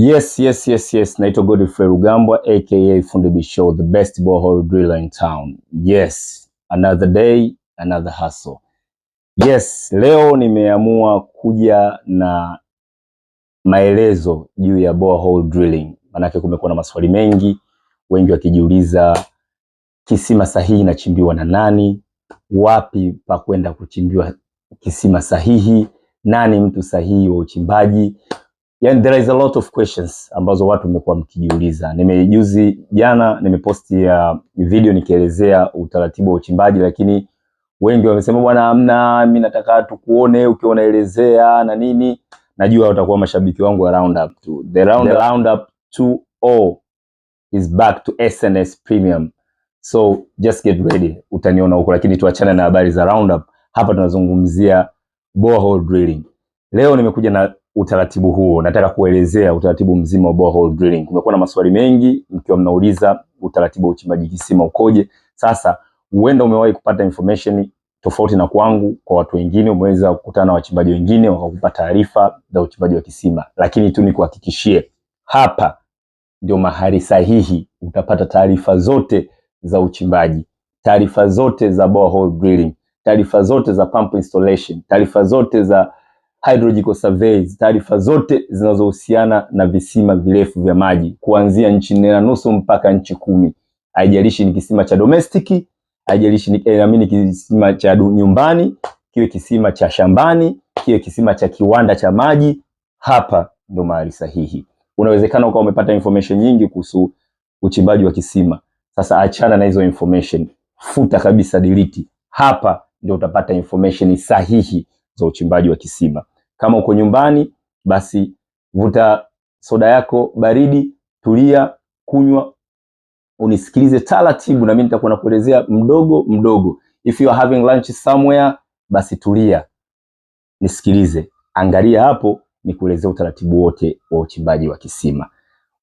Yes, yes, yes, yes. Naitwa Godfrey Rugambwa aka Fundi Bisho, the best borehole driller in town. Yes, another day, another hustle. Yes, leo nimeamua kuja na maelezo juu ya borehole drilling. Manake kumekuwa na maswali mengi, wengi wakijiuliza kisima sahihi inachimbiwa na nani, wapi pa kwenda kuchimbiwa kisima sahihi, nani mtu sahihi wa uchimbaji yani, there is a lot of questions ambazo watu mmekuwa mkijiuliza. Nimejuzi jana nimeposti ya video nikielezea utaratibu wa uchimbaji, lakini wengi wamesema bwana, amna mimi nataka tukuone ukiwa unaelezea na nini. Najua utakuwa mashabiki wangu wa Roundup tu. The round, the Roundup 2.0 is back to SNS Premium, so just get ready, utaniona huko, lakini tuachane na habari za Roundup. Hapa tunazungumzia borehole drilling. Leo nimekuja na utaratibu huo. Nataka kuelezea utaratibu mzima wa borehole drilling. Kumekuwa na maswali mengi mkiwa mnauliza utaratibu wa uchimbaji kisima ukoje. Sasa huenda umewahi kupata information tofauti na kwangu, kwa watu wengine umeweza kukutana na wachimbaji wengine wakakupa taarifa za uchimbaji wa kisima, lakini tu ni kuhakikishie hapa ndio mahali sahihi utapata taarifa zote za uchimbaji, taarifa zote za borehole drilling, taarifa zote za pump installation, taarifa zote za hydrological surveys, taarifa zote zinazohusiana na visima virefu vya maji kuanzia nchi nne na nusu mpaka nchi kumi. Haijalishi ni kisima cha domestic, haijalishi ni eh, amini kisima cha nyumbani, kiwe kisima cha shambani, kiwe kisima cha kiwanda cha maji, hapa ndo mahali sahihi. Unawezekana ukawa umepata information nyingi kuhusu uchimbaji wa kisima. Sasa achana na hizo information, futa kabisa, delete. Hapa ndio utapata information sahihi za uchimbaji wa kisima. Kama uko nyumbani, basi vuta soda yako baridi, tulia, kunywa, unisikilize taratibu, na mimi nitakuwa nakuelezea mdogo mdogo. If you are having lunch somewhere, basi tulia, nisikilize, angalia hapo, nikuelezea utaratibu wote wa uchimbaji wa kisima.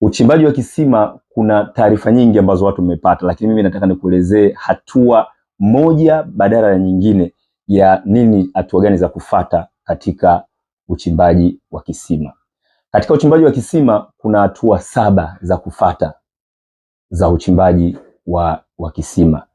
Uchimbaji wa kisima, kuna taarifa nyingi ambazo watu wamepata, lakini mimi nataka nikuelezee hatua moja badala ya nyingine ya nini, hatua gani za kufata katika uchimbaji wa kisima. Katika uchimbaji wa kisima kuna hatua saba za kufata za uchimbaji wa, wa kisima.